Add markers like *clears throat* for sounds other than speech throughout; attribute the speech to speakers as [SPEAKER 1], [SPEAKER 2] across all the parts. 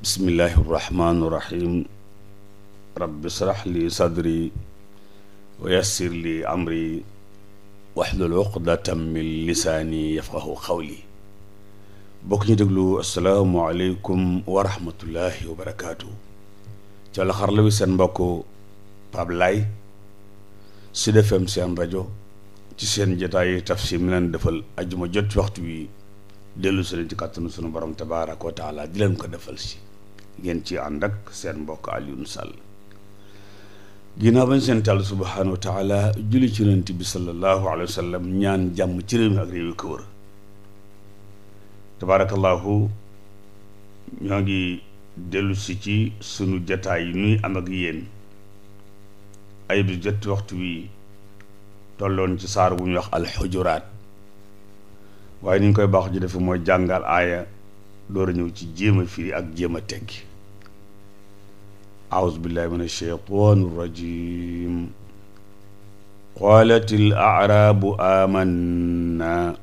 [SPEAKER 1] bismillahi irrahmani irrahim rabbi israh li sadri wa yassir li amri wahlul uqdatan min lisaani yafqahu qawli bokk ñu déglu asalaamu aleykum wa rahmatullahi wa barakaatu ca la xarla wi seen mbokk Pape Laye Sud FM seen rajo ci seen jotaayu tafsir mi leen defal ajuma jot ci waxtu wi dellu si leen ci kàttanu sunu borom tabaaraka wa taala di leen ko defal si ngeen ci ànd ak seen mbokk Alioune Sall ginnaaw bañ seen tàll subhaanahu wa taala julli ci yonent bi sallallahu alayhi wa sallam ñaan jàmm ci réew mi ak réew yi ko wër ñoo ngi dellusi ci sunu jataay yi nuy am ak yéen ay bi jot waxtu wi tolloon ci saar bu ñuy wax alxujuraat waaye ni ñu koy baax ju defe mooy jàngal aaya door a ñëw ci jéem fii ak jéem a teggi aousubillah min alsheytan irrajim qaalat alacrabu aamanna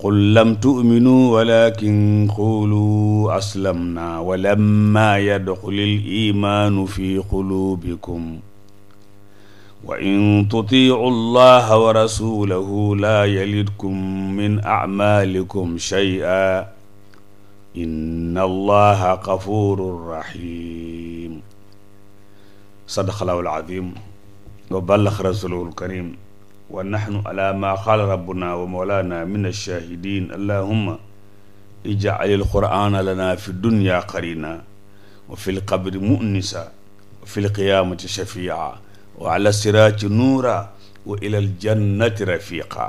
[SPEAKER 1] qul lam tuminuu walakin qulu aslamna walamma yadxuli limaanu fi qulubikum wa in tutiicu allaha wa rasulahu laa yalidkum min acmaalikum shay'a inna allaha gafurun rahim sadaqallahu alazim wa ballax rasuluhu alkarim wa nahnu ala ma qaala rabbuna wa mawlana min alshahidin allahumma ij'al alqur'ana lana fi dunya qarina wa fi lqabri mu'nisa wa fi lqiyamati shafi'a wa ala sirati nuura wa ila aljannati rafiqa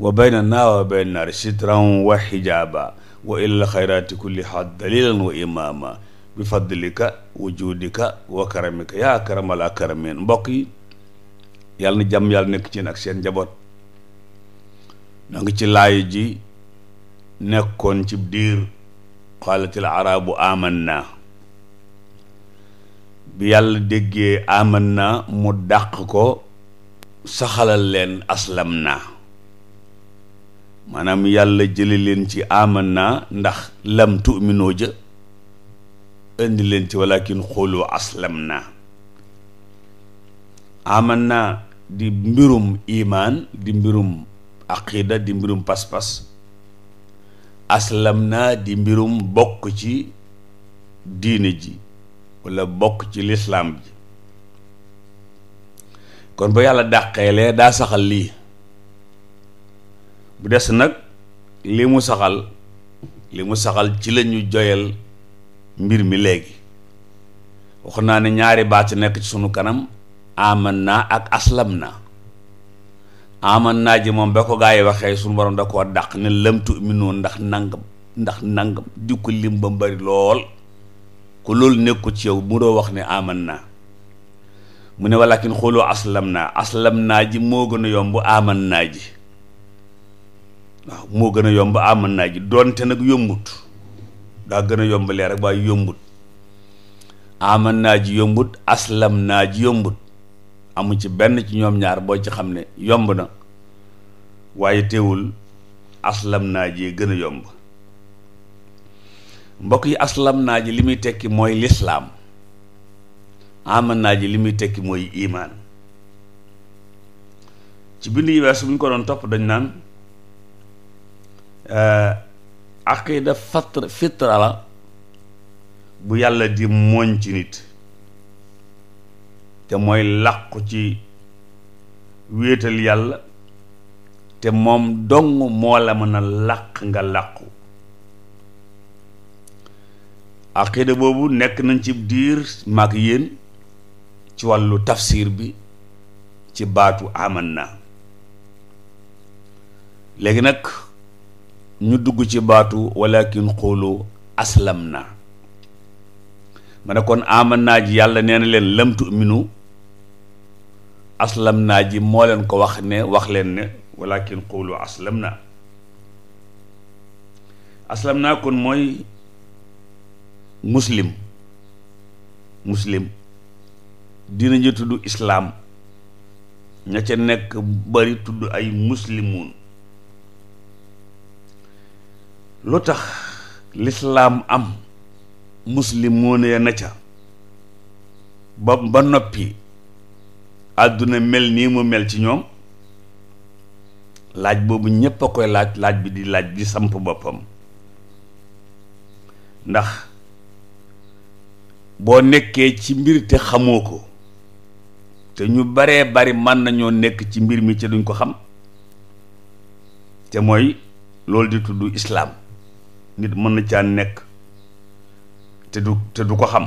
[SPEAKER 1] wa baynana wa bayna naari sitran wa xijaaba wa ilal xayraati kulliha dalilan wa imaama bi fadlika wujudika wa karamika yaa karamal akaramin mbokk yi yàlla na jàmm yàlla nekk ci ak seen njaboot donc ci laay ji nekkoon ci diir qaalatil arabu amanna bi yàlla déggee na mu dàq ko saxalal leen aslam naa maanaam yàlla jële leen ci aman naa ndax lam tuminoo ja indi leen ci walakin xooloo aslam naa aman naa di mbirum imaan di mbirum aqida di mbirum pas-pas aslam naa di mbirum bokk ci diine ji walla bokk ci lislaam ji kon ba yàlla dàqeelee daa saxal lii bu des nag li mu saxal li mu saxal ci la joyal mbir mi léegi wax naa ne ñaari baat ci nekk ci sunu kanam aman naa ak aslam naa aman naa ji moom ba ko gaa yi waxee sunu borom da koo dàq ne lëmtu mi noonu ndax nangam ndax nangam di ko lim ba bari lool ku loolu nekku ci yow mu doo wax ni aman naa mu ne walakin xooloo aslam naa aslam naa ji moo gën a yomb aman naa ji waaw moo gën a yomb aman ah, naa ji doonte nag yombut daa gën a yomb lee rek waaye yombut aman ah, naa ji yombut aslam naaj ji yombut amu ci benn ci ñoom ñaar boo ci xam ne yomb na waaye teewul aslam naa ji gën a yomb mbokk yi aslam naa ji li muy tekki mooy lislaam aman ah, naa ji li muy tekki mooy imaan ci bind yi weesu bu ñu ko doon topp dañ naan Euh, aqida fatra fitra la bu yàlla di mooñ ci nit te mooy làqu ci wéetal yàlla te moom dong moo la mën a làq nga làqu aqida boobu nekk nañ ci diir maag yéen ci wàllu tafsir bi ci baatu aman na léegi nag ñu dugg ci baatu walakin xoolu aslam na ma ne kon aman naa ji yàlla nee na leen lëmtu minu aslam naa ji moo leen ko wax ne wax leen ne walakin xoolu aslam na aslam naa kon mooy muslim muslim dina ñu tudd islaam ña ca nekk bari tudd ay muslimuun lu tax lislaam am muslimoon ya na ca ba ba noppi àdduna mel nii mu mel ci ñoom laaj boobu ñépp a koy laaj laaj bi di laaj di samp boppam ndax boo nekkee ci mbir te xamoo ko te ñu baree bari mën nañoo nekk ci mbir mi ci duñ ko xam te mooy loolu di tudd islaam nit mën na caa nekk te du te du ko xam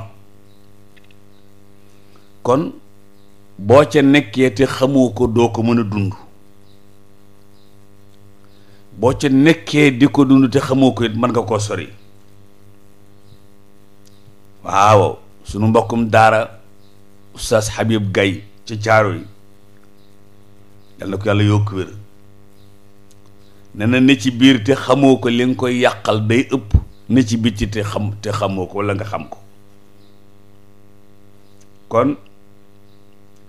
[SPEAKER 1] kon boo ca nekkee te xamoo ko doo ko mën a dund boo ca nekkee di ko dund te xamoo ko it mën nga koo sori waaw sunu mbokkum daara oustaz Habib Gaye ci caaro yi yal na ko yàlla yokk wér ne na ne ci biir te xamoo ko li nga koy yàqal day ëpp ne ci bitti te xam te xamoo ko wala nga xam ko kon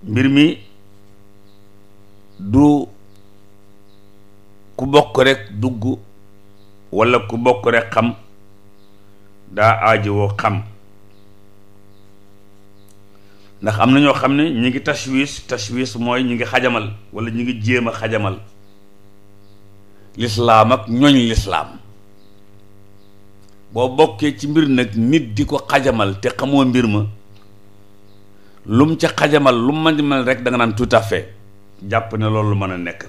[SPEAKER 1] mbir mi du ku bokk rek dugg walla ku bokk rek xam daa ajowoo xam ndax am na ñoo xam ne ñi ngi tashwis tashwis mooy ñi ngi xajamal wala ñi ngi jéem a xajamal lislaam ak ñooñ lislaam boo bokkee ci mbir nag nit di ko xajamal te xamoo mbir ma lum ca xajamal lu mu mën mel rek da nga naan tout à fait jàpp ne loolu mën a nekk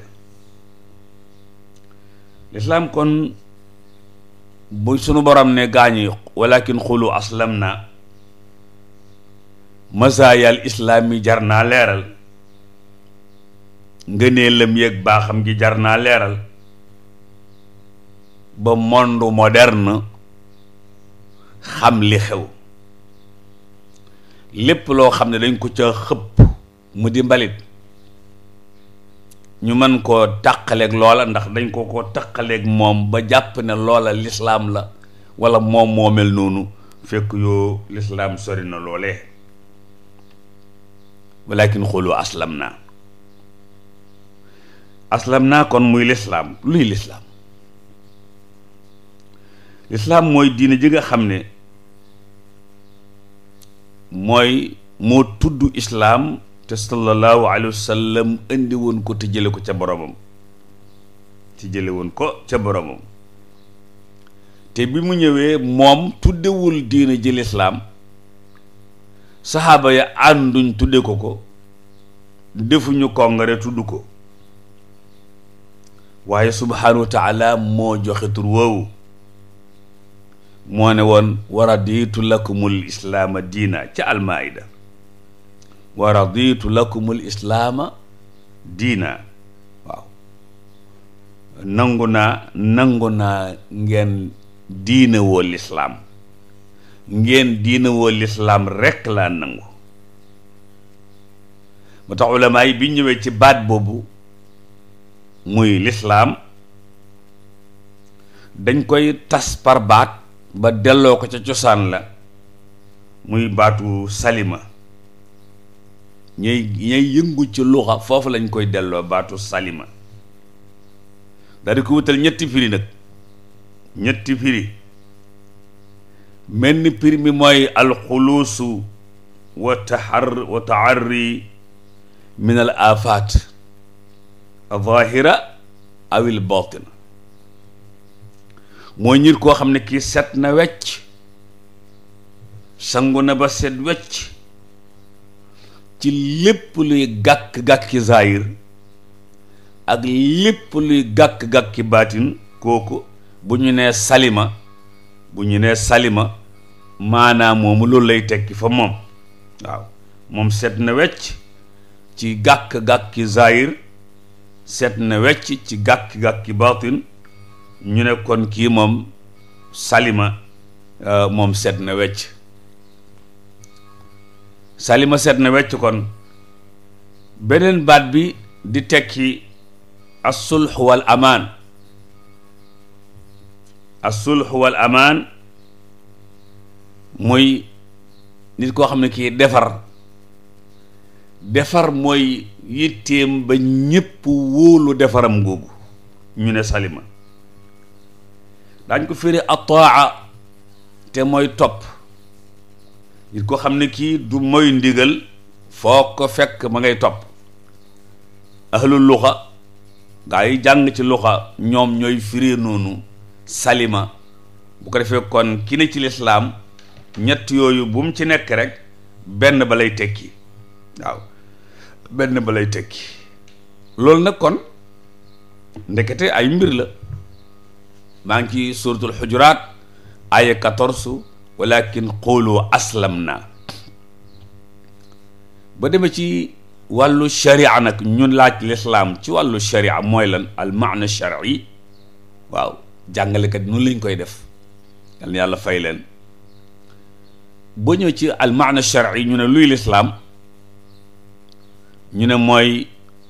[SPEAKER 1] lislaam kon bu sunu borom ne gaañu walakin xulu aslam na masaayal islaam yi jar naa leeral ngëneelam yeeg baaxam gi jar naa leeral ba monde moderne xam li xew lépp loo xam ne dañ ko ca xëpp mu di mbalit ñu mën koo taqaleeg loola ndax dañ koo ko taqaleeg moom ba jàpp ne loola lislaam la walla moom moo mel noonu fekk yoo lislaam sori na loolee walakin xoolu aslam naa aslam naa kon muy lislaam luy lislaam lislaam mooy diine ji nga xam ne mooy moo tudd islaam te sallallahu alayhi wa sallam indi woon ko te jële ko ca boromam te jële ko ca boromam te bi mu ñëwee moom tuddewul diine ji lislaam saxaaba ya ànduñ tudde ko ko defuñu kongare tudd ko waaye subhaanahu wa taala moo joxe woowu moo ne woon wa raditu lakumul islaama diina ci almaida wa raditu lakumul islaama diina waaw nangu naa nangu naa ngeen diina woo lislaam ngeen diina woo lislaam rekk laa nangu mu tax ulama yi bi ñëwee ci baat boobu muy lislaam dañ koy tas par baat ba delloo ko ca cosaan la muy baatu salima ñay ñay yëngu ci luxa foofu lañ koy delloo baatu salima daal ko wutal ñetti firi nag ñetti firi menn pir mi mooy alxuluusu wa taxar wa taarri min al afaat al zaahira aw al baatina mooy nit koo xam ne kii set na wecc sangu na ba set wecc ci lépp luy gàkk-gàkki zaahir ak lépp luy gàkk-gàkki baatin kooku bu ñu nee salima bu ñu nee salima maanaam moomu loolu lay tekki fa moom waaw moom set na wecc ci gàkk-gàkki zaahir set na wecc ci gàkk-gàkki baatin ñu ne kon kii moom salima euh, moom set na wecc salima set na wecc kon beneen baat bi di tekki as-sulh amaan as-sulh amaan mooy nit koo xam ne kii defar defar mooy yitteem ba ñépp wóolu defaram googu ñu ne salima dañ ko firi ataa te mooy topp nit ko xam ne kii du mooy ndigal foo ko fekk ba ngay topp ahlul luxa gaa jàng ci luxa ñoom ñooy firi noonu salima bu ko defee kon ki ne ci lislaam ñett yooyu bu mu ci nekk rek benn ba lay tekki waaw benn ba lay tekki loolu nag kon ndekete ay mbir la maa ngi ci suratul xujuraat aya 14 walakin qulu aslamna ba deme ci wàllu sharia nag ñun laaj lislaam ci wàllu sharia mooy lan al maana shari waaw jàngalekat nun lañ koy def yàlla fay leen ba ñëw ci al maana shari ñu ne luy lislaam ñu ne mooy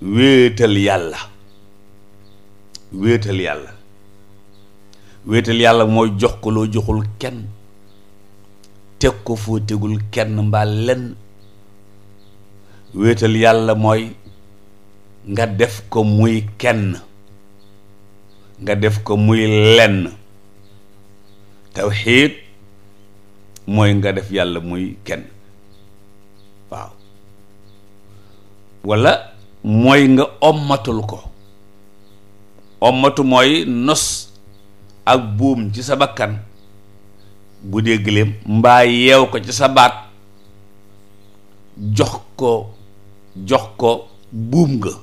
[SPEAKER 1] wéetal yàlla wéetal yàlla wéetal yàlla mooy jox ko loo joxul kenn teg ko foo tegul kenn mbaa lenn wéetal yàlla mooy nga def ko muy kenn nga def ko muy lenn tawxiid mooy nga def yàlla muy kenn waaw walla mooy nga ommatul ko ommatu mooy nos ak buum ci sa bakkan bu dee gëléem mbaa yeew ko ci sa baat jox ko jox ko buum nga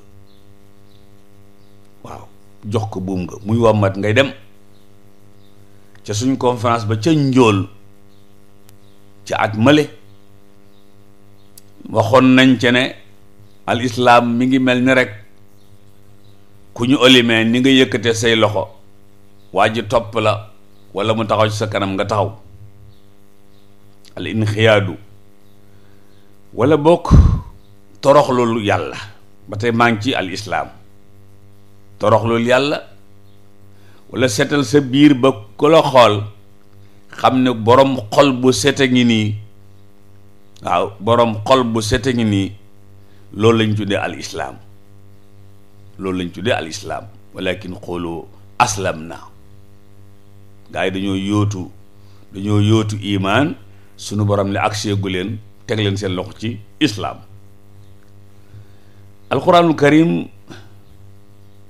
[SPEAKER 1] waaw jox ko buum nga muy wommat ngay dem ca suñ conférence ba ca njóol ca at male waxoon nañ ca ne al islaam mi ngi mel ni rek ku ñu olimee ni nga yëkkate say loxo waa ji topp la wala mu taxaw ci sa kanam nga taxaw al inxiyaadu wala bokk torox yàlla ba tey maa ngi ci al islaam torox yàlla wala seetal sa biir ba ku la xool xam ne boroom xol bu sete ngi nii waaw boroom xol bu sete ngi nii loolu lañ tuddee al islaam loolu lañ tuddee al islaam walakin xoolu aslam na gaa yi dañoo yootu dañoo yootu imaan sunu borom ne accès gu leen teg leen seen loxo ci islaam alquranul karim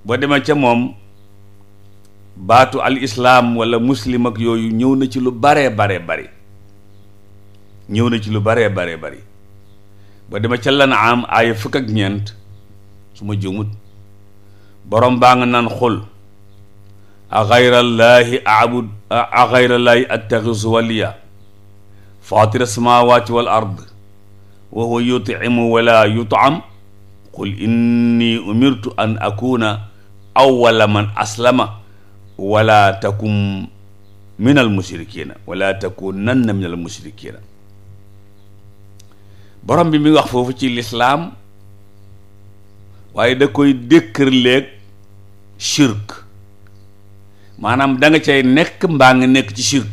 [SPEAKER 1] boo demee ca moom baatu al islaam wala muslim ak yooyu ñëw na ci lu baree baree bari ñëw na ci lu baree baree bari boo dama ca lan am aaya fukk ak ñeent su ma jumut borom baa nga naan xul a xayrallaahi abud a xayrallaahi attaxisu waliya faatira samaawaati wal ard wa huwa yutimu wala yutam qul inni umirtu an akuna awwala man aslama wala takum min al mushrikina wala takunanna min al mushrikina borom bi mi ngi wax foofu ci lislaam waaye da koy dékkër léeg shirk maanaam da nga cay nekk mbaa nga nekk ci shirk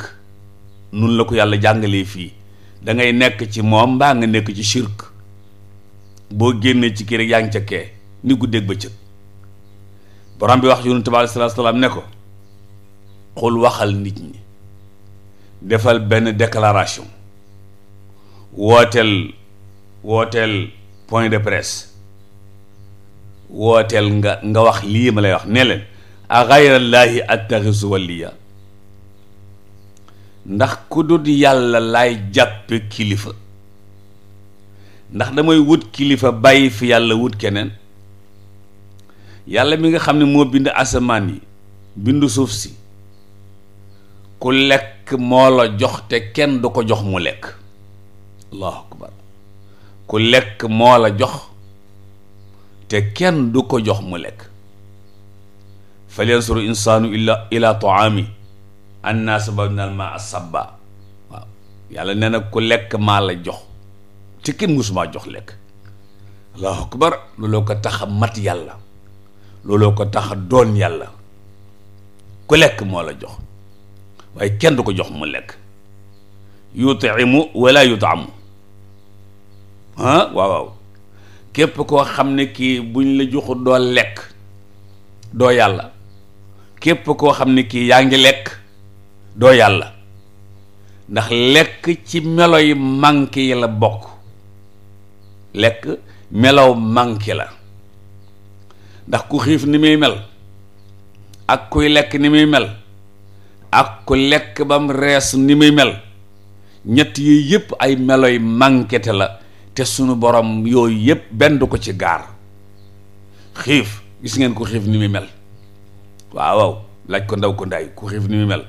[SPEAKER 1] nun la ko yàlla jàngalee fii da ngay nekk ci moom mbaa nga nekk ci shirk boo génnee ci kii rek yaa ngi ca kee ni guddeeg bëccëg borom bi wax yonent bi aleyhi salaatu salaam ne ko xul waxal nit ñi defal benn déclaration wooteel wooteel point de presse wooteel nga nga wax lii ma lay wax ne a xayrallaahi attaxisu waliya ndax ku dut yàlla laay jàppe kilifa ndax damay wut kilifa bàyyi fi yàlla wut keneen yàlla mi nga xam ne moo bind asamaan yi bindu suuf si ku lekk moo la jox te kenn du ko jox mu lekk allahu akbar ku lekk moo la jox te kenn du ko jox mu lekk fal yansuru insaanu illa ila taami anna sababna al maa sabba waaw yàlla nee ku lekk maa la jox ci kenn musumaa jox lekk allahu akbar looloo ko tax a mat yàlla looloo ko tax doon yàlla ku lekk moo la jox waaye kenn du ko jox mu lekk yutimu wala yutamu ah waaw waaw képp koo xam ne kii buñ la joxu doo lekk doo yàlla képp koo xam ne kii yaa ngi lekk doo yàlla ndax lekk ci melo yi manqué yi la bokk lekk melow manqué la ndax ku xiif ni muy mel ak kuy lekk ni muy mel ak ku lekk bam rees ni muy mel ñett yooyu yëpp ay meloy manqué te la te sunu borom yooyu yëpp benn du ko ci gaar xiif gis ngeen ko xiif ni muy mel waaw laaj ko ndaw ko ndaay ku xiif ni muy mel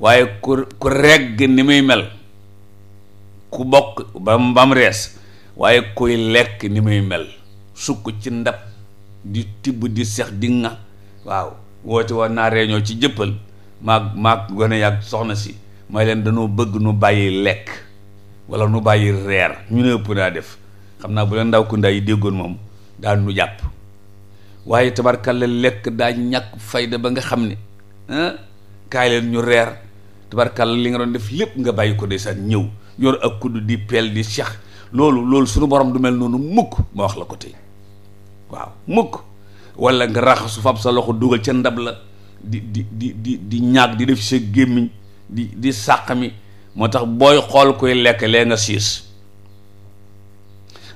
[SPEAKER 1] waaye ku ku regg ni muy mel ku bokk ba ba rees waaye kuy lekk ni muy mel sukk ci ndab di tibb di sex di nga waaw woote war naa réunion ci jëppal maag maag gone yaag soxna si may leen dañoo bëgg nu bàyyi lekk walla nu bàyyi reer ñu ne ëpp naa def xam naa bu leen ndaw ku ndaa yi déggoon moom daal nu jàpp waaye tabarkalla lekk daa ñàkk fayda ba nga xam ne ah, kaay leen ñu reer tabarkalla li nga doon def lépp nga bàyyi ko desaan ñëw yor ak kudd di peel di seex loolu loolu suñu borom du mel noonu mukk ma wax la ko tey waaw mukk walla nga raxasu fab sa loxo dugal ca ndab la di di di di di ñaag di def sa gémmiñ di di sàq mi moo tax booy xool koy lekk lee nga siis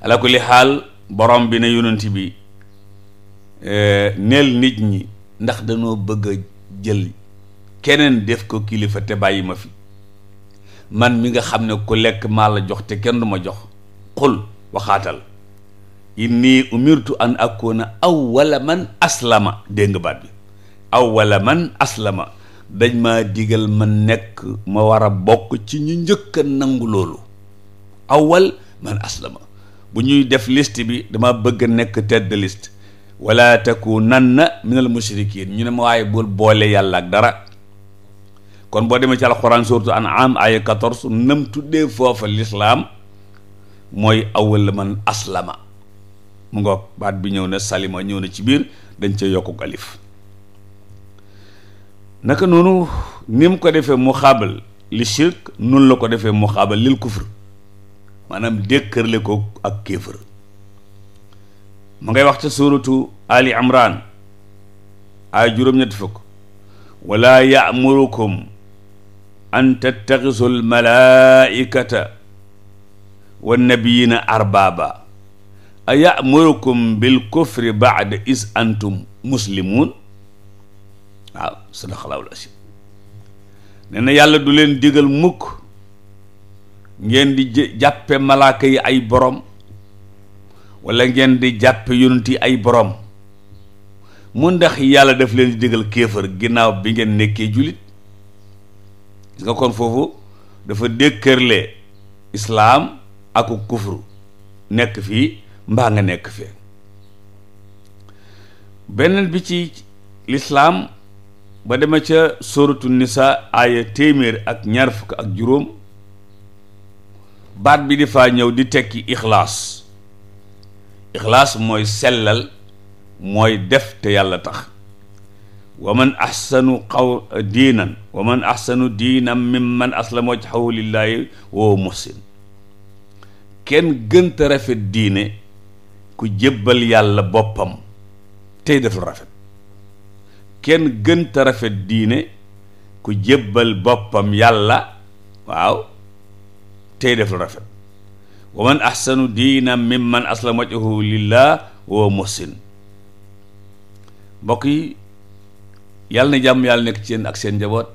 [SPEAKER 1] ko kulli xaal borom bi ne yonent bi Euh, neel nit ñi ndax dañoo bëgg a jël keneen def ko kilifa te bàyyi ma fi man mi nga xam ne ku lekk maa la jox te kenn du ma jox xul waxaatal inni umirtu an aw awwala man aslama dégg nga baat bi awwala man aslama dañ ma digal ma nekk ma war a bokk ci ñu njëkk a nangu loolu awwal man aslama bu ñuy def list bi dama bëgg a nekk tête de nan wala takunanna minal mushrikiin ñu ne ma waaye bul boole yàlla ak dara kon boo demee ci alxuraan suuratu an'aam aaya 14 nam tuddee foofa lislaam mooy awwal man aslama mu ngoog baat bi ñëw na salima ñëw na ci biir dañ ca yokkuk alif naka noonu ni mu ko defee mu xaabal li shirk noonu la ko defee mu xaabal lil kufr maanaam dékkërle ko ak kéefër mu ngay wax ca suuratu ali imran ay juróom wala ya'murukum an tattaxisu al malaikata wannabiyina arbaba a yamurukum bil kufri baada is antum muslimun waaw sadaqallahul du leen digal mukk ngeen di jàppe yi ay borom wala ngeen di jàppe yonent ay boroom mu ndax yàlla daf leen di digal kéefër ginnaaw bi ngeen nekkee jullit gis nga kon foofu dafa dékkërle islaam ak kufru nekk fii mbaa nga nekk fee beneen bi ci lislaam ba dema ca sóoratu nisa aaya téeméer ak ñaar fukk ak juróom baat bi di faa ñëw di tekki ixlaas ixlaas mooy sellal mooy def te yàlla tax wa man axsanu xaw diinan wa man axsanu diinan mimman aslama wajhahu lillaahi wa muhsin kenn gënta rafet diine ku jébbal yàlla boppam tey def lu rafet kenn gënta rafet diine ku jébbal boppam yàlla waaw tey def lu rafet wa man ahsanu diinan mimman aslama wajhahu lillah wa muhsin mbokk yi yàlla na jàmm yàlla nekk ci yéen ak seen njaboot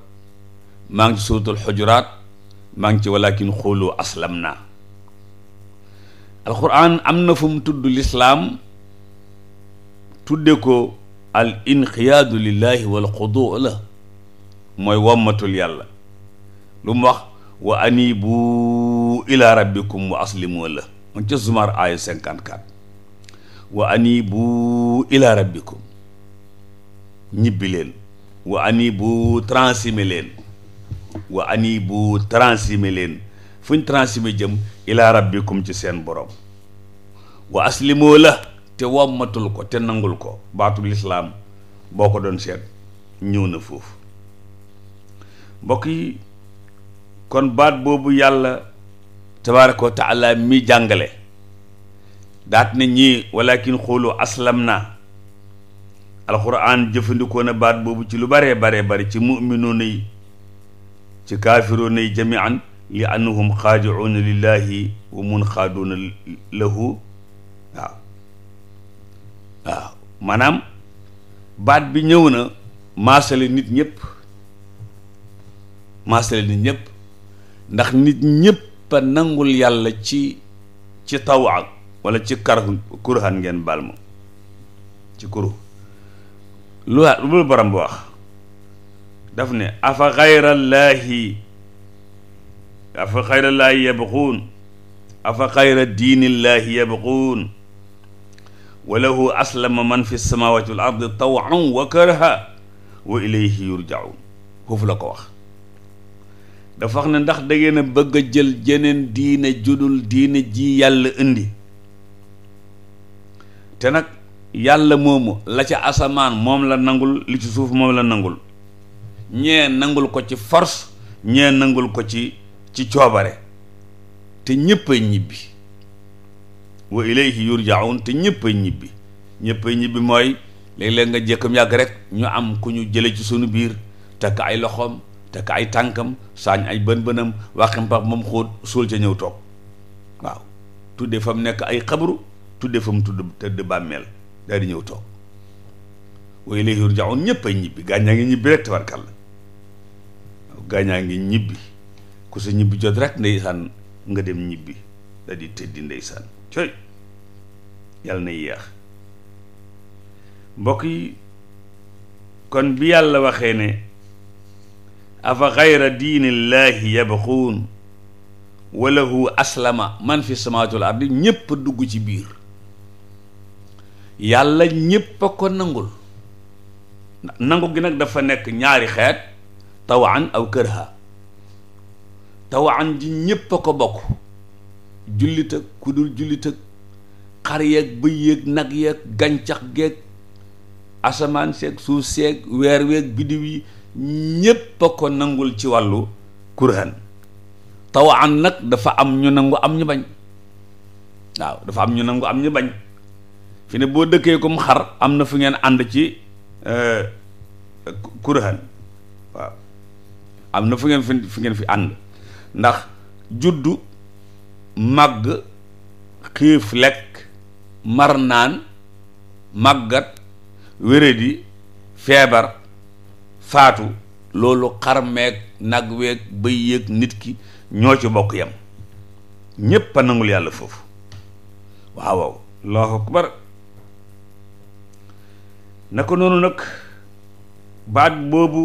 [SPEAKER 1] maa ngi ci suuratul maa ngi ci walakin xoolu aslam naa alquran am na fu mu tudd lislaam tudde ko al inqiyaadu lillahi wal la mooy wommatul yàlla lu wa anibu ila rabbikum wa aslimu la man ca zumar aaya 54 wa anibu ila rabbikum ñibbi leen wa anibu transime leen wa anibu transime leen fu ñu transime jëm ila rabbikum ci seen borom wa aslimu la te wommatul ko te nangul ko baatul islaam boo ko doon seet ñëw na foofu mbokk yi kon baat boobu yàlla tabaaraka wa taala mi jàngale daat na ñii walakin xoolu aslam na alxuraan jëfandikoo na baat boobu ci lu baree baree bari ci muminuuna yi ci kaafiruuna yi jamian li annahum xaajiuuna lillahi wa munxaaduuna lahu waaw waaw baat bi ñëw na maasale nit ñëpp maasale nit ñëpp ndax nit ñépp a nangul yàlla ci ci tawa wala ci karhu kurhan ngeen baal ma ci kuru lu lu borom bi wax daf ne afa xayrallaahi afa xayrallaahi yabquun afa xayra diinillaahi yabquun wa lahu aslama man fi samawati wal ardi tawan wa karha wa ilayhi yurjaun foofu la ko wax dafa wax ne ndax da bëgg a jël jeneen diine judul diine ji yàlla indi te nag yàlla moomu la ca asamaan moom la nangul li ci suuf moom la nangul ñee nangul ko ci force ñee nangul ko ci ci coobare te ñëpp ñibbi wa ilayhi yurjaun te ñëpp ay ñibbi ñëpp ñibbi mooy léeg leen nga jékkam yàgg rekk ñu am ku ñu jële ci sunu biir takk ay loxoom takk ay tànkam saañ ay bën-bënam waxi mpax moom xóot suul ca ñëw toog waaw tudde fa mu nekk ay xabru tudde fa mu tudd tëdd bàmmeel daal di ñëw toog wa ilayhi yurja'un ñëpp ay ñibbi gaañaa ngi ñibbi rek tabarkalla gaañaa ngi ñibbi ku sa ñibbi jot rek ndeysaan nga dem ñibbi daal di tëddi ndeysaan coy yàlla na yeex mbokk yi kon bi yàlla waxee ne afa xayra diinillaahi yabxuun wa lahu aslama man fi samaawaati ardi ñépp dugg ci biir yàlla ñépp a ko nangul nangu gi nag dafa nekk ñaari xeet tawan aw kërha tawan ji ñépp a ko bokk jullit ak ku dul jullit xar yeeg bëy yeeg nag yeeg gàncax geeg asamaan seeg suuf seeg weer weeg biddiw yi ñépp a ko nangul ci wàllu kurhan tawan nag dafa am ñu nangu am ñu bañ waaw dafa am ñu nangu am ñu bañ fi ne boo dëkkee comme xar am na fu ngeen ànd ci euh, kurhan am na fu ngeen fi fi ngeen fi ànd ndax juddu màgg xiif lekk mar naan màggat wéradi feebar faatu loolu xar nag weeg bëy nit ki ñoo ci bokk yam ñépp a nangul yàlla foofu waaw waaw allahu akbar naka noonu nag baat boobu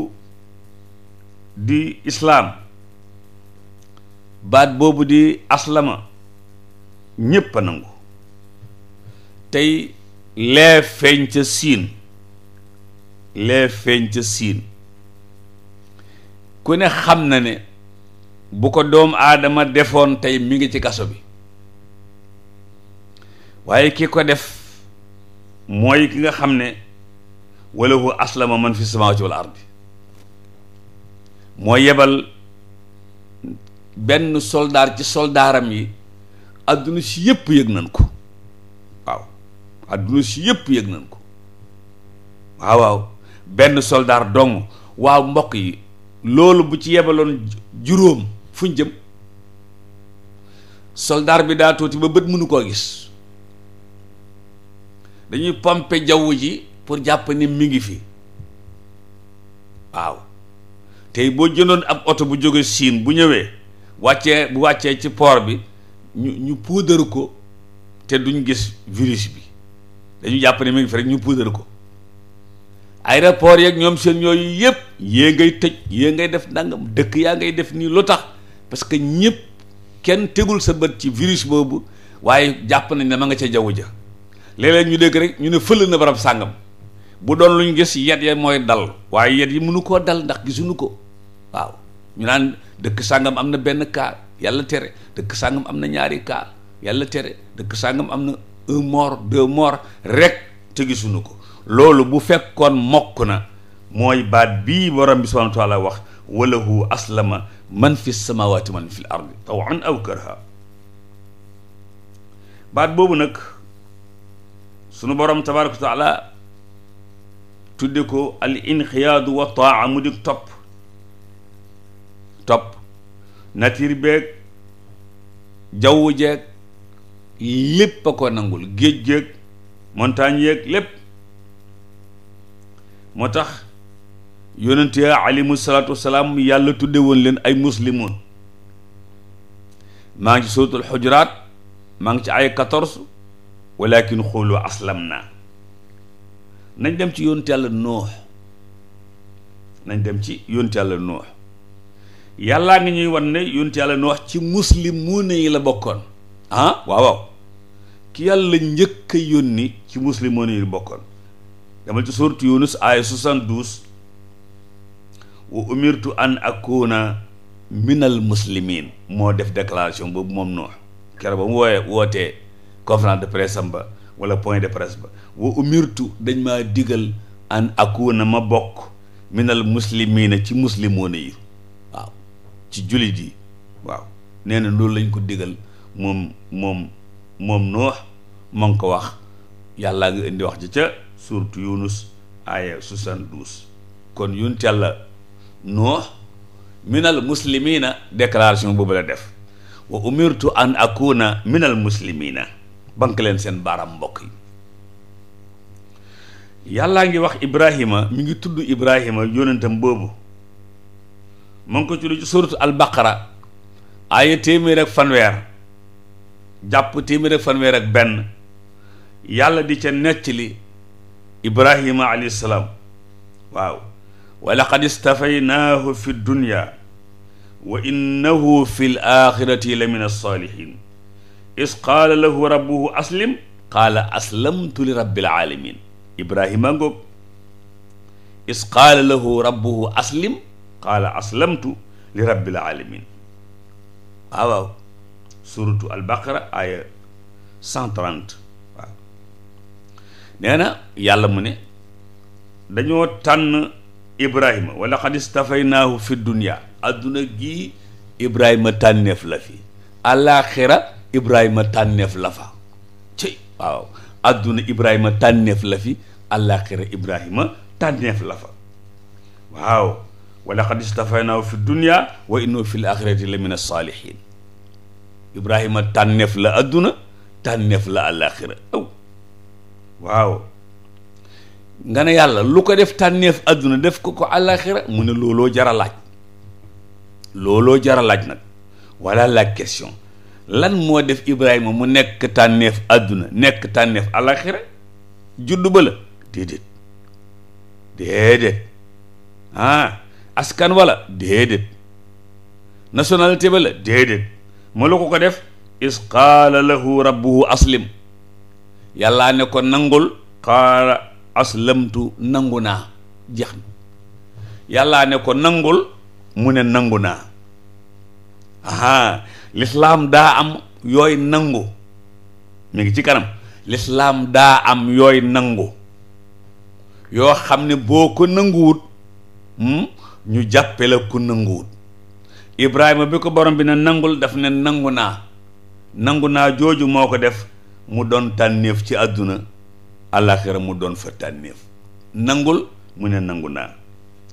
[SPEAKER 1] di islaam baat boobu di aslama ñépp a nangu tey lee feeñ ca siin lee feeñ ca siin ku ne xam na ne bu ko doomu aadama defoon tey mi ngi ci kaso bi waaye ki ko def mooy ki nga xam ne walahu aslama man fi samawati wal bi moo yebal benn soldaar ci soldaaram yi àdduna si yëpp yëg nañ ko waaw àdduna si yëpp yëg nañ ko waaw waaw benn soldaar dong waaw mbokk yi loolu bu ci yebaloon juróom fuñ jëm soldaar bi daa tuuti ba bët mënu koo gis dañuy pompe jaww ji pour jàpp ni mi ngi fi waaw tey boo jëndoon ab oto bu jóge siin bu ñëwee wàccee bu wàccee ci port bi ñu ñu puudar ko te duñ gis virus bi dañu jàpp ne mi ngi fi rek ñu puudar ko aéroport yeeg ñoom seen yooyu yépp yée ngay tëj yée ngay def ndàngam dëkk yaa ngay def nii lu tax parce que ñëpp kenn tegul sa bët ci virus boobu waaye jàpp nañ ne ma nga ca jaww ja léeg-léeg ñu dégg rek ñu ne fël na barab sàngam bu doon lu ñu gis yet ya mooy dal waaye yet yi munu koo dal ndax gisuñu ko waaw ñu naan dëkk sàngam am na benn cas yàlla tere dëkk sàngam am na ñaari cas yàlla tere dëkk sàngam am na un mort rek te gisuñu ko loolu bu fekkoon mokk na mooy baat bii borom bi subhanahu wa taala wax walahu aslama man fi samawati man fi l ardi tawan aw karha baat boobu nag sunu borom tabaraka wa taala tudde ko al inxiyaadu wa taa mu di topp topp nature beeg jaww jeeg lépp a ko nangul géej géeg montagne yeeg lépp moo tax yonent ya alimu salaatu wasalaam yàlla tudde woon leen ay muslimoon maa ngi ci suuratul xujuraat maa ngi ci ay quatorze walakin xoolu aslam naa nañ dem ci yonent yàlla noox nañ dem ci yonent yàlla noox yàllaa ngi ñuy wan ne yonent yàlla noox ci muslimuuna yi la bokkoon ah waaw waaw ki yàlla njëkk a yónni ci muslimuuna yi la bokkoon demal ci suuratu yunus aaya soixante-douze wa umirtu an akuna minal muslimin moo def déclaration boobu moom Nuux keroog ba mu wooyee wootee conférence de presse am ba wala point de presse ba wa umirtu dañ maa digal an akuna ma bokk minal muslimina ci muslimoona yi waaw ci jullit yi waaw nee na loolu lañ ko digal moom moom moom ma ngi ko wax yàllaa nga indi wax ji ca suurtu Yunus aaya 72 kon yun yàlla nuux minal muslimina déclaration boobu la def wa umirtu an akuna minal muslimina bank leen seen baaraam mbokk yi yàllaa ngi wax ibrahima mi ngi tudd ibrahima yónentam boobu mu ngi ko ci lu ci albaqara aaya téeméer ak fanweer jàpp téeméer ak fanweer ak benn yàlla di ca nettali ibrahima alayhi salaam waaw wa laqad istafaynaahu fi dunya wa innahu fi l axirati la min alsaalihin is qaala lahu rabbuhu aslim qaala aslamtu li rabbil alamin ibrahima ngoog is qaala lahu rabbuhu aslim qaala aslamtu li rabbil alamin waaw waaw suratu albaqara aya 130 waaw nee na yàlla mu ne dañoo tànn ibrahima wala xad istafaynaahu fi dunia adduna gii ibrahima tànneef la fi àllaaxira ibrahima tànneef la fa ci waaw adduna ibrahima tànneef la fi àllaaxira ibrahima tànneef la fa waaw wala xad istafaynaahu fi dunia wa innahu fi l axirati la min alsaalihin ibrahima tànneef la adduna tànneef la àllaaxira aw waaw nga ne yàlla lu ko def tànneef àdduna def ko ko àllaaxira mu ne looloo jar looloo jaralaaj a laaj nag voilà la question lan moo def Ibrahima mu nekk tànneef àdduna nekk tànneef àllaaxira juddu ba la déedéet déedéet ah askan wala déedéet nationalité ba la déedéet ma la ko ko def is qaala lahu rabbuhu aslim yàllaa ne ko nangul qaala lëmtu nangu naa jeex na yàllaa ne ko nangul mu ne nangu naa aha lislaam daa am yooy nangu mu ngi ci kanam lislaam daa am yooy nangu yoo xam ne boo ko nanguwut hmm, ñu jàppe la ku nanguwut Ibrahima bi ko borom bi ne nangul daf ne nangu naa nangu naa jooju moo ko def mu doon tànneef ci àdduna àllaaxira mu doon fa tànneef nangul mu ne nangu naa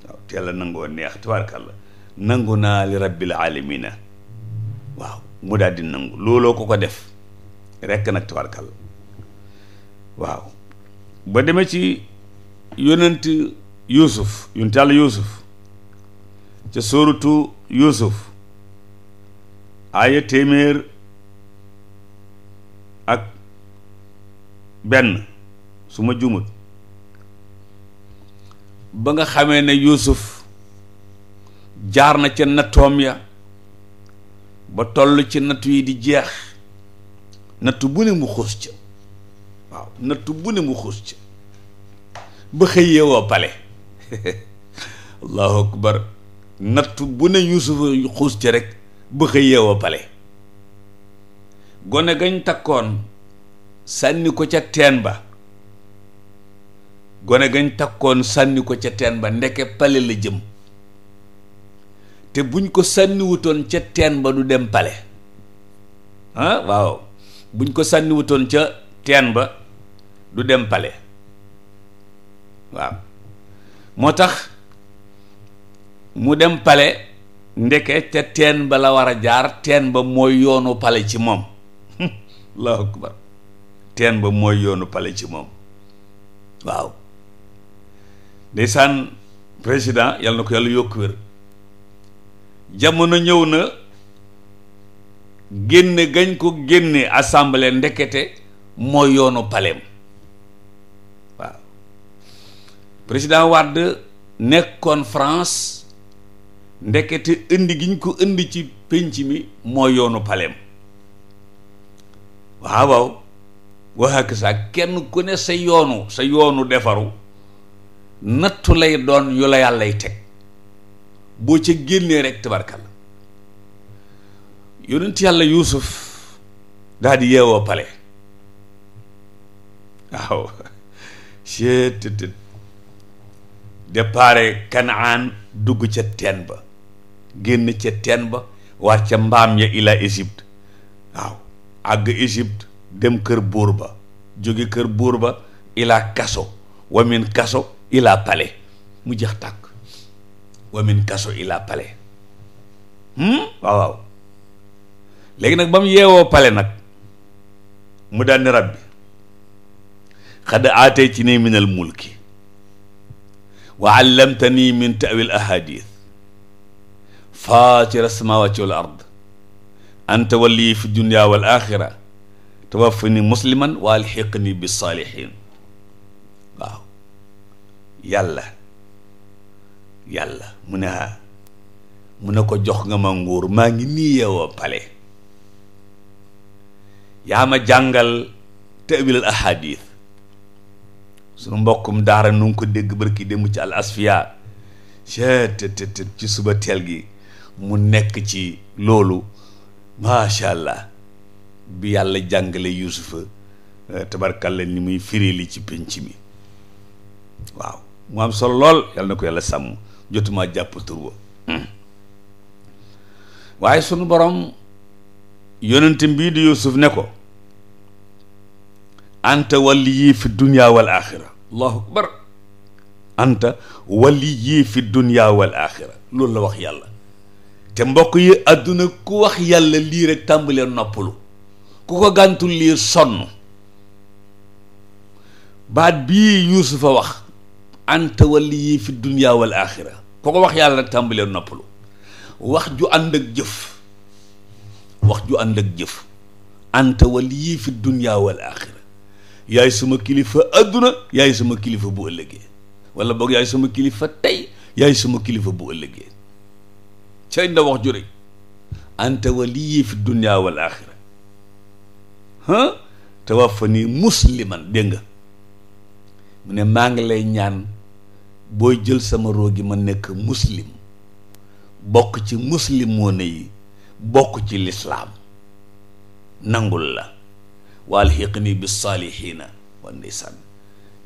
[SPEAKER 1] waaw te nangoo neex tabaarkalla nangu naa li rabbil aalamiina waaw mu daldi di nangu looloo ko ko def rekk nag tabaarkalla waaw ba demee ci yonent yuusuf yonent yàlla yuusuf ca sóoratu yuusuf aaya téeméer ak benn su ma jumut ba nga xamee ne Yuusuf jaar na ca nattoom ya ba toll ci nattu yi di jeex nattu bu ne mu xuus ca waaw nattu bu ne mu xuus ca ba xëy yeewoo pale *laughs* allahu akbar nattu bu ne Yuusuf xuus ca rek ba xëy yeewoo pale gone gañ takkoon sànni ko ca teen ba gone gañ takkoon sànni ko ca teen ba ndeke pale la jëm te buñ ko sànniwutoon ca teen ba du dem pale waaw buñ ko sànniwutoon ca teen ba du dem pale moo tax mu dem pale ndeke ca teen ba la war a jaar teen ba mooy yoonu pale ci moom *laughs* allahu akbar teen ba mooy yoonu pale ci moom waaw ndeysaan président yàlla na ko yàlla yokk wér jamono ñëw na génne gañ ko génne assemblée ndekete mooy yoonu paleem waaw président Wade nekkoon France ndekete indi giñ ko indi ci pénc mi mooy yoonu paleem waaw waaw wax ak kenn ku ne sa yoonu sa yoonu defaru nattu lay doon yu la yàllay teg boo ca génnee rek tabarkal yonent yàlla yuusuf daal di yeewoo pale waaw seetëtët dépare kanaan dugg ca teen ba génn ca teen ba war ca mbaam ya ila égypte waaw àgg égypte dem kër buur ba jóge kër buur ba ila kaso wamin kaso ila palais mu jeex tàkk wa min kaso ila palais hmm? waaw waaw léegi nag ba mu yeewoo palais nag mu daal ni rabbi xad aatay ci nii min al mulki wa allamtani min tawil ahadith faatira samawati wal ard anta walii fi dunia wal axira tawaffani musliman wa alxiqni bi saalihin yàlla yàlla mu ne ah mu ne ko jox nga ma nguur maa ngi nii yeewoo pale yaa ma jàngal tawilal ahadith sunu mbokkum daara nu ngi ko dégg barki démb ci al asfiya cettt ci suba teel gi mu nekk ci loolu macha allah bi yàlla jàngale yusufa eh, tabarkalla ni muy firi li ci pénc mi waaw mu am solo lool yàlla na ko yàlla sàmm jotuma jàpp tur wa waaye sunu borom yonente mbii di Yuusuf ne ko anta walli yii fi dunya wal axira loolu la wax yàlla te mbokk yi àdduna ku wax yàlla lii rek tàmbalee noppalu ku ko gàntul lii sonn baat bii Yuusufa wax anta waliyyi fi dunya wal axira ko wax yàlla nag tàmbalee noppalu wax ju ànd ak jëf wax ju ànd ak jëf anta waliyyi fi dunya wal yaay sama kilifa adduna yaay sama kilifa bu ëllëgee wala boog yaay sama kilifa tey yaay sama kilifa bu ëllëgee cay na wax ju rek anta waliyyi fi dunya wal axira ah tawaffani musliman dégg mu ne maa ngi lay ñaan booy jël sama roo gi ma nekk muslim bokk ci muslimoona yi bokk ci lislaam nangul la wa alxiqni bi saalihiina wa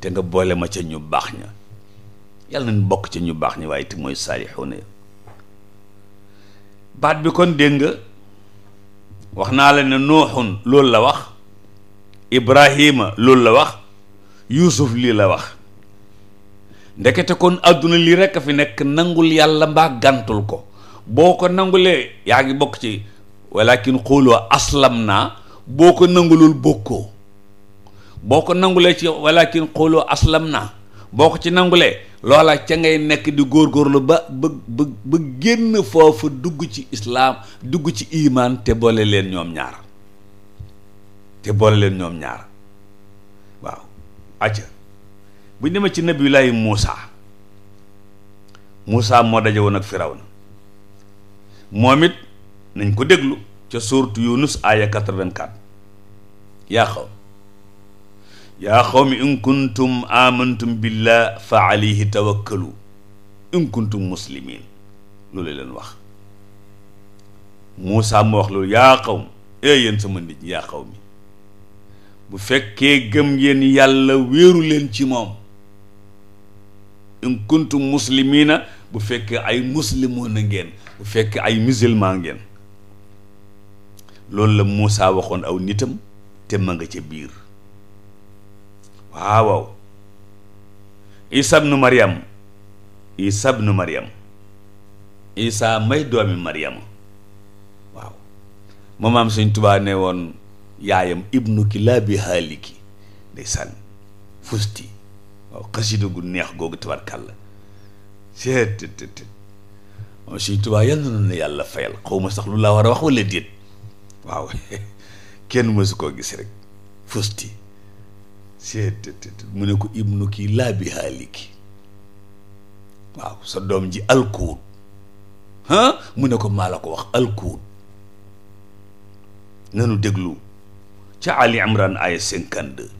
[SPEAKER 1] te nga boole ma ca ñu baax ña yàlla nañ bokk ca ñu baax ña waaye te mooy saalihuuna ya baat bi kon dégg nga wax naa la ne nuuxun loolu la wax ibrahima loolu la wax yuusuf lii la wax ndekete kon àdduna lii rekk a fi nekk nangul yàlla mbaa gàntul ko boo ko nangulee yaa ngi bokk ci walakin xooloo aslam naa boo ko nangulul bokkoo boo ko nangulee ci walakin xooloo aslam naa boo ko ci nangulee loola ca ngay nekk di góorgóorlu ba ba ba ba génn foofu dugg ci islaam dugg ci imaan te boole leen ñoom ñaar te boole leen ñoom ñaar waaw bu ñu demee ci nabiyulaahi Muusa Muusa moo daje woon ak Firawna moom it nañ ko déglu ca suurtu Yunus aaya 84 yaa xaw yaa xawmi in kuntum amantum billah fa alayhi tawakkalu in kuntum muslimin loolu leen wax Muusa moo wax loolu yaa xawm ee eh yéen sama nit ñi yaa xaw mi bu fekkee gëm ngeen yàlla wéeru leen ci moom in kuntum muslimina bu fekkee ay muslimoon ngeen bu fekk ay musulman ngeen loolu la Moussa waxoon aw nitam te ma nga ca biir waaw waaw Isa bnu Maryam Isa bnu Maryam Isa may doomi Maryam waaw moom am Sëñ Tuubaa ne woon yaayam ibnu kilaabi haaliki ndeysaan fusti waaw gu neex googu tabarkàlla seet te te moom suñ tubaa yal na nu yàlla fayal xaw ma sax lu laa war a wax wala déet waaw *laughs* kenn mësu koo gis rek fusti seet te mu ne ko ibnu kii laa bi haaliki waaw sa doom ji alkuut mu ne ko maa la ko wax alkuut nanu déglu ca Ali Imran ay cinquante-deux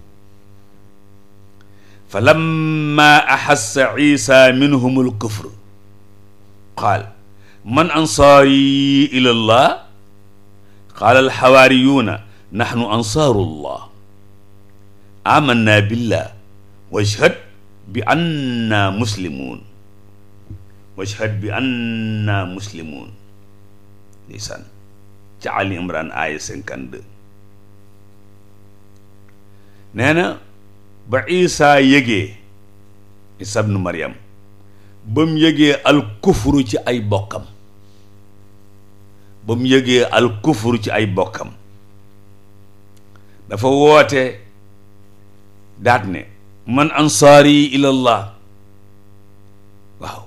[SPEAKER 1] fa lamma axassa isa minhum alkufr qaal man ansaari ila llah qaala alxawaariyuuna naxnu ansaaru llah amanna billah washhad bi anna muslimuun washhad bi anna muslimuun ndeysaan ca Ali Imran aaya cinquante-deux nee na ba isaa yëgee isa bnu maryam ba mu yëgee al kufru ci ay bokkam ba mu yëgee al ci ay bokkam dafa woote daat ne man ansaari ilallah waaw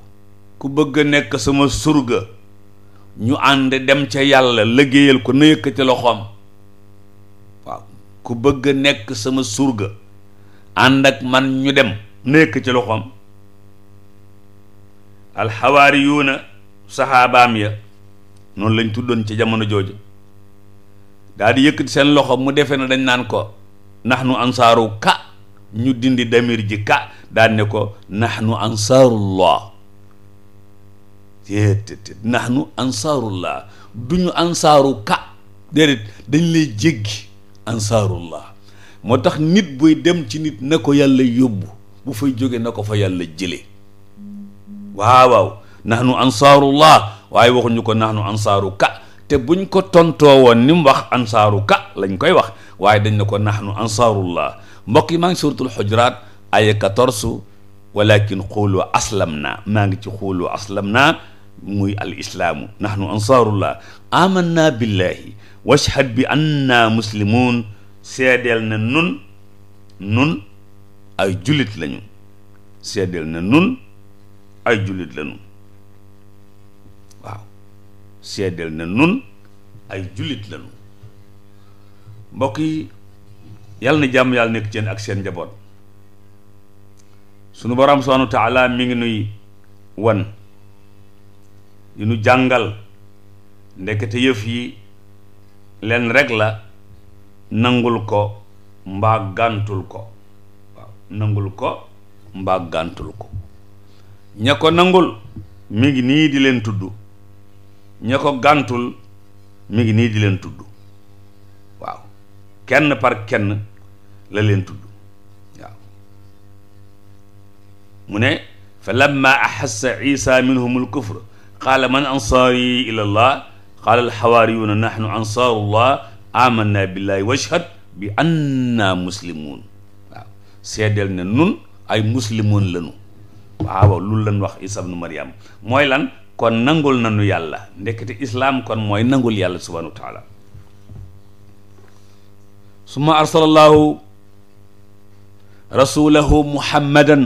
[SPEAKER 1] ku bëgg a nekk sama surga ñu ànd dem ca yàlla liggéeyal ko na ca loxoom waaw ku bëgg a nekk sama surga ànd ak man ñu dem nekk ci loxoom alxawaariyuuna saxaabaam ya noonu lañ tuddoon ci jamono jooju daal di yëkkati seen loxo mu defe na dañ naan ko naxnu ansaaru ka ñu dindi damir ji ka daal ne ko naxnu ansaarullah téetéet naxnu ansaarullah du ñu ansaaru ka déedéet dañ lay jéggi ansaarullah moo tax nit buy dem ci nit na ko yàlla yóbbu bu fay jóge na ko fa yàlla jëlee waaw waaw nahnu ansaarullah waaye waxuñu ko nahnu ansaaru ka te buñ ko tontoo woon ni mu wax ansaaru ka lañ koy wax waaye dañ ne ko nahnu ansaarullah mbokk yi maa ngi suuratul xujuraat aya 14 walakin xuulu aslam naa maa ngi ci xuulu aslamnaa muy al islaamu nahnu ansaarullah amanna billahi washhad bi anna muslimun seedeel na nun nun ay jullit lañu seedeel na nun ay jullit lañu waaw seedeel na nun ay jullit lañu mbokk yi yàlla na jàmm yàlla nekk seen ak seen njaboot sunu borom subhanahu wa taala mi ngi nuy wan di nu jàngal ndekete yëf yi leen rek la nangul ko mbaa gàntul ko waaw nangul ko mbaa gàntul ko ña nangul mi ngi nii di leen tudd ña ko gàntul mi ngi nii di leen tudd waaw kenn par kenn la leen tudd mu ne fa lamma axassa isa minhum alkufr qaala man ansaari ila allah qaala alxawaariyuuna nahnu ansaaru llah amanna billahi washhad bi anna muslimun waaw seedeel ne nun ay muslimun lanu waaw loolu lan wax isa ibnu maryam mooy lan kon nangul nanu yàlla ndekete islaam kon mooy nangul yàlla subhanahu wa taala summa arsalallahu rasulahu muhammadan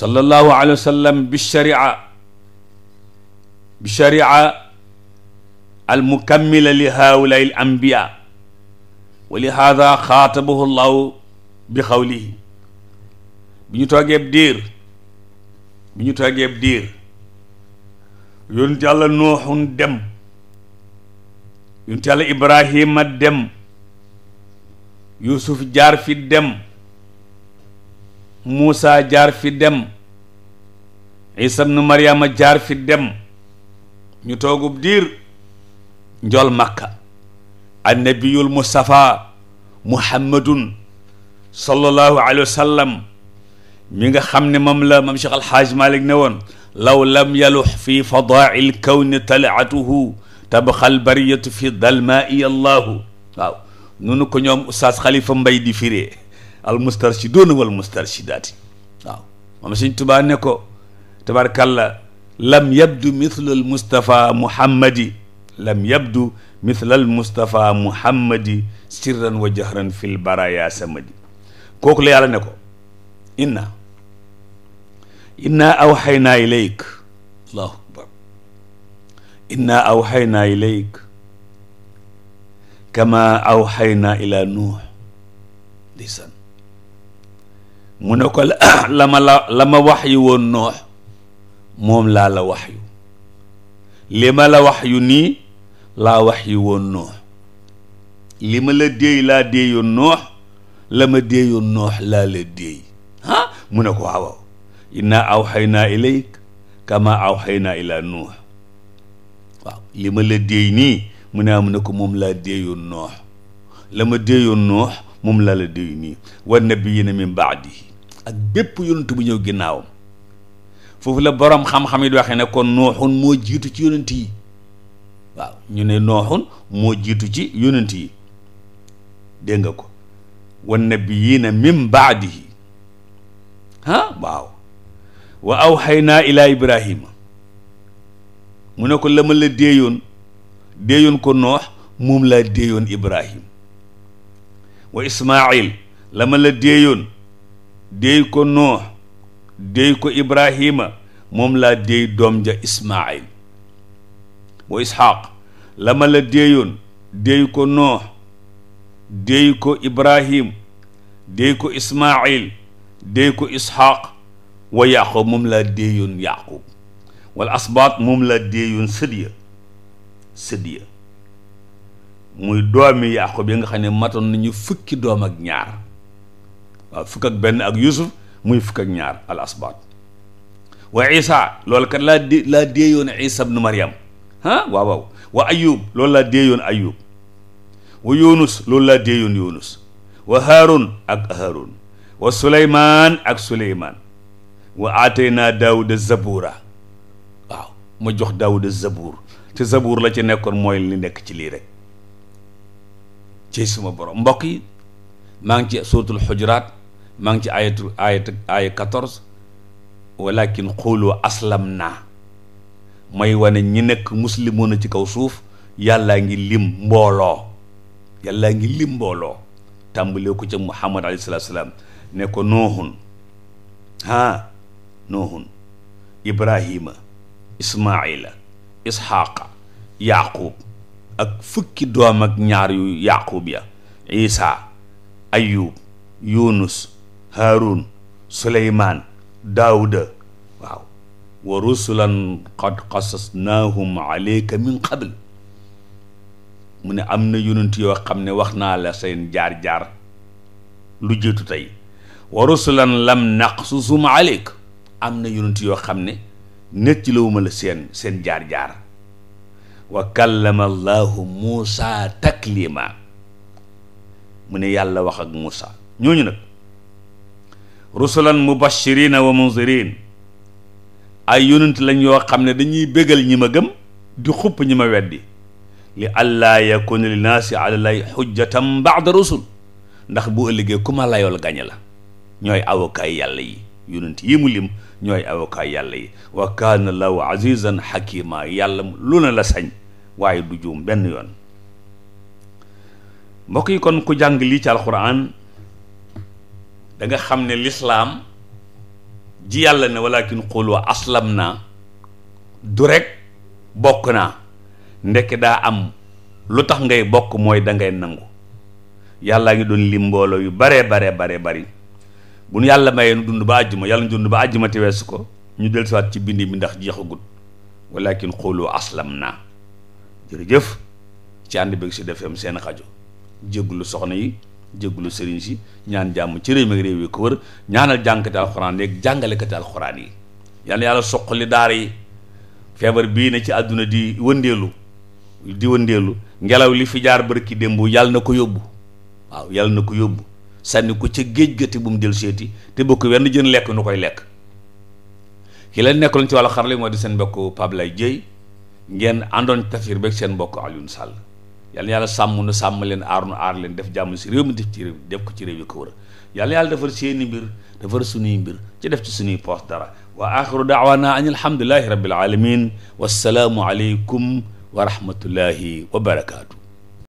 [SPEAKER 1] sallallahu alayhi wa sallam bi sharia bi sharia al mukammila li haulai l ambia wa li haada xaatabahu llahu bi xawlihi bi ñu toogeeb diir bi ñu toogeeb diir yonent yàlla nooxun dem yonent yàlla ibrahima dem yuusuf jaar fi dem muusa jaar fi dem isa bnu mariama jaar fi dem ñu toogub diir njool màkka annabiyul mustafa muhammadun sallallahu alayhi wa sallam mi nga xam ne moom la moom Cheikh Alhaaj Malik ne woon law lam yalux fi fadail kawni talaatuhu tabxal bariyatu fi dalmaai allahu waaw nunu ko ñoom oustaz xalifa mbay di firee al mustarshiduuna wal mustarshidaati waaw moom Sëñ Tuubaa ne ko tabarkalla lam yabdu mithlu al mustafa muhammadi lam yabdu mithlal Moustapha Muhammadi sirran wa jahran fil baraya samadi kooku la yàlla ne ko inna inna awxaynaa ilayk allahu akbar inna awxaynaa ilayk kama awxaynaa ila nuux ndeysaan mu ne ko *clears throat* la ma la la ma wax yi woon noox moom laa la wax yu li ma la wax yu nii laa wax yi woon noox li ma la déey laa déeyoon noox la ma déeyoon noox laa la déey ah mu ne ko waaw inna awxaynaa ilayk kama awxaynaa ilaa nuux waaw li ma la déey nii mu ne am ne ko moom laa déeyoon noox la ma déeyoon noox moom laa la déey nii wa nabiyina min baadi ak bépp yonent bu ñëw ginnaawam foofu la boroom xam-xam yi di waxee ne kon nooxun moo jiitu ci yonent yi waaw ñu ne nooxun moo jiitu ci yonent yi ko nga ko wa nabiyiina min baadihi ah waaw wa awxaynaa ilaa ibrahima mu ne ko la ma la déeyoon déeyoon ko noox moom laa déeyoon ibrahim wa ismail la la déeyoon déey ko noox déey ko ibrahima moom laa déey doom ja ismail wa isxaaq lama la déeyoon déey ko noox déey ko ibrahim déey ko ismail déey ko isxaaq wa yaqub moom laa déeyoon yaqub wala asbaat moom laa déeyoon sët ya muy doomi yaqub yi nga xam ne matoon nañu fukki doom ak ñaar waaw fukk ak benn ak yusuf muy fukk ak ñaar al asbaat wa isa loolu kat laa dé laa déeyoon isa bnu mariam ah waaw wa ayub loolu laa déeyoon ayub wa yunus loolu laa déeyoon yunus wa haarun ak haarun wa suleymaan ak suleymaan wa aataynaa daawuda zabura ma jox daawuda zabuur te zabuur la ci nekkoon mooy li nekk ci liire ci suma borom mbokk yi maa ngi ci suuratul xujuraat maa ngi ci ayatul ayat aaya quatorze walakin qulu aslam naa may wane ñi nekk muslimoon ci kaw suuf yàllaa ngi lim mbooloo yàllaa ngi lim mbooloo tàmbalee ko ca muhammad alayhi salaatu salaam ne ko noohun ah noohun ibrahima ismaila isxaaqa yaqub ak fukki doom ak ñaar yu yaqub ya isa ayub yunus haarun suleymaan daawuda wa rusulan qad qasasnaahum alayka min qabl mu ne am na yonent yoo xam ne wax naa la seen jaar-jaar lu jiitu tey wa rusulan lam naqsusum aleyk am na yonent yoo xam ne nettilawuma la seen seen jaar-jaar wa kallama allahu muusa taklima mu ne yàlla wax ak muusa ñooñu nag rusulan mubashirina wa munzirin ay yonent lañ yoo xam ne dañuy bégal ñi ma gëm di xupp ñi ma weddi li allaa yakuna li naasi ala llahi xujjatam baada rusul ndax bu ëllëgee ku ma layool gañe la ñooy avocat yi yàlla yi yonent yi mu lim ñooy avocat yàlla yi wa kaana lahu azizan xakima yàlla lu ne la sañ waaye du juum benn yoon mbokk yi kon ku jàng lii ci alxuraan da xam ne lislaam ji yàlla ne walakin xoolu aslam naa du rek bokk naa ndekk daa am lu tax ngay bokk mooy da ngay nangu yàllaa ngi doon lim mbooloo yu baree baree baree bari bu nu yàlla mayee nu dund ba àjjuma yàlla nu dund ba àjjuma te weesu ko ñu del siwaat ci bindi bi ndax jeexagut walakin xoolu aslam naa jërëjëf ci ànd beeg si defeem seen xajo jéglu soxna yi jéggulu sëriñ si ñaan jàmm ci réew mi ak réew yi ko wër ñaanal jànkati alxuraan yeeg jàngalekati alxuraan yi yàlla yàlla soqali daar yi feebar bii ne ci àdduna di wëndeelu di wëndeelu ngelaw li fi jaar bërki démb yàlla na ko yóbbu waaw yàlla na ko yóbbu sànni ko ci géej gati bu mu del seeti te bokk wenn jën lekk nu koy lekk ki leen nekkoon ci wàllu xarale moo di seen mbokk Pape Lay Dieye ngeen àndoon tafsir beeg seen mbokk Alioune Sall yal na yàlla sàmm nu sàmm leen ar nu aar leen def jàmm si réew mi def ci réew def ko ci réew yi ko wër yal na yàlla defar seeni mbir defar suñuy mbir ci def ci suñuy poos dara wa axiru daawana an alhamdulillahi rabbil alamin wassalaamu aleykum wa rahmatullahi wa barakaatu